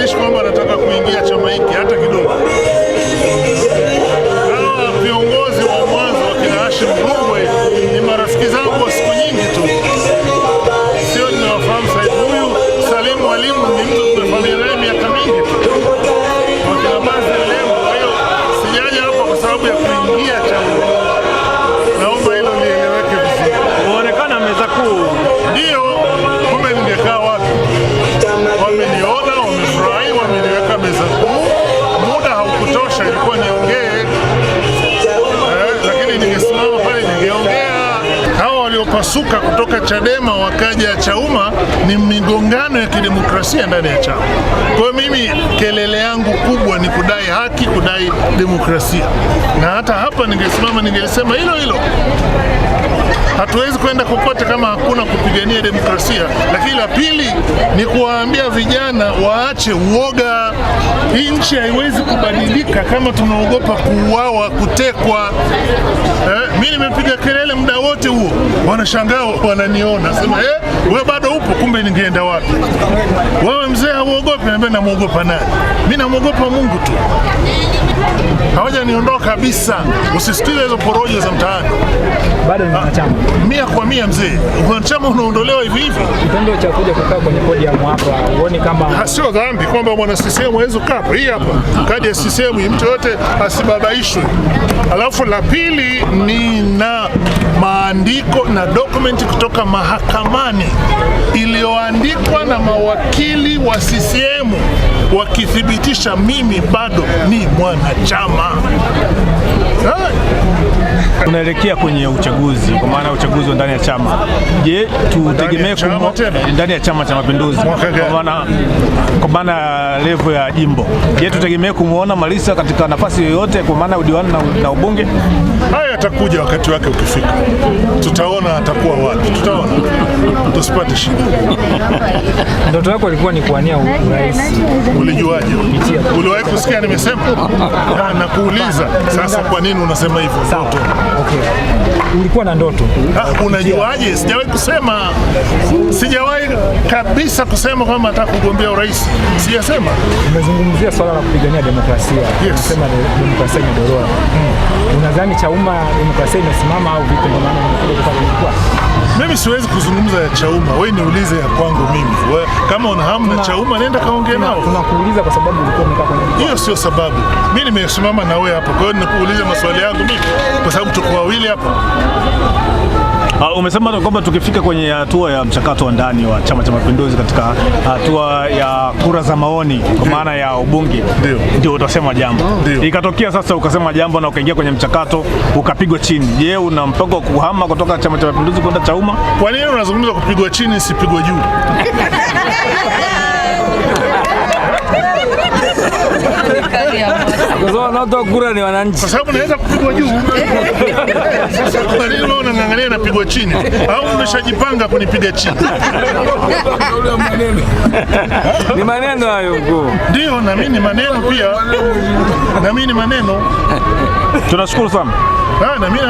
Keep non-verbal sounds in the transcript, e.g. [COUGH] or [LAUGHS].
haimaanishi kwamba anataka kuingia chama hiki hata kidogo. waliopasuka kutoka Chadema wakaja Chauma ni migongano ya kidemokrasia ndani ya chama. Kwa hiyo mimi kelele yangu kubwa ni kudai haki, kudai demokrasia, na hata hapa ningesimama ningelisema hilo hilo. Hatuwezi kwenda kokote kama hakuna kupigania demokrasia. Lakini la pili ni kuwaambia vijana waache uoga. Hii nchi haiwezi kubadilika kama tunaogopa kuuawa, kutekwa. Eh, mimi nimepiga kelele muda wote huo wanashangaa wananiona, sema eh, wewe bado upo, kumbe ningeenda wapi? Wewe mzee hauogopi? Naambia namwogopa nani? Mimi namwogopa Mungu tu hawaja niondoa kabisa. Usisikize hizo poroje za mtaani, bado ni ah, wanachama mia kwa mia. Mzee wanachama unaondolewa hivi hivi. Kitendo cha kuja kukaa kwenye podium hapa uone kama ah, sio dhambi kwamba mwana CCM aweze kukaa hapa? Hii hapa kadi ya CCM, mtu yote asibabaishwe. Alafu la pili ni na maandiko na dokumenti kutoka mahakamani iliyoandikwa na mawakili wa CCM wakithibitisha mimi bado ni mwanachama. Tunaelekea kwenye uchaguzi, kwa maana uchaguzi wa ndani ya chama. Je, tutegemee ndani ya Chama cha Mapinduzi, kwa maana kwa maana ya jimbo? Je, tutegemee kumwona Malisa katika nafasi yoyote, kwa maana udiwani na, na ubunge? Haya atakuja wakati wake ukifika, tutaona atakuwa wapi, tutaona tusipate shida. Ndoto yako ilikuwa ni kuwania urais, ulijuaje? Uliwahi kusikia nimesema? [LAUGHS] Na nakuuliza sasa, kwa nini unasema hivyo? Okay. Ulikuwa na ndoto? Ah, unajuaje? Sijawahi kusema, sijawahi kabisa kusema kwamba nataka kugombea urais, sijasema. Umezungumzia swala la kupigania demokrasia, unasema demokrasia imedorora. Hmm. Unadhani Chauma demokrasia imesimama au vipi? Ndio maana mimi siwezi kuzungumza ya Chauma, wewe niulize ya kwangu mimi. Wewe kama una hamu na Chauma nenda kaongee nao. Tunakuuliza kwa sababu ulikuwa umekaa kwenye hiyo, sio sababu. Mimi nimesimama na wewe hapa, kwa hiyo ninakuuliza maswali yangu mimi, kwa sababu tuko wawili hapa. Uh, umesema kwamba tukifika kwenye hatua ya mchakato wa ndani wa Chama cha Mapinduzi katika hatua ya kura za maoni kwa maana ya ubunge, ndio utasema jambo. Ikatokea sasa ukasema jambo na ukaingia kwenye mchakato ukapigwa chini, je, una mpango wa kuhama kutoka Chama cha Mapinduzi kwenda Chauma? Kwa nini unazungumza kupigwa chini, sipigwa juu? Kwa sababu naweza kupigwa juu naye napigwa chini au umeshajipanga kunipiga chini? Ni maneno hayo ngo. Ndio, na mimi ni maneno pia, na mimi ni maneno. Tunashukuru sana. Ah, na mimi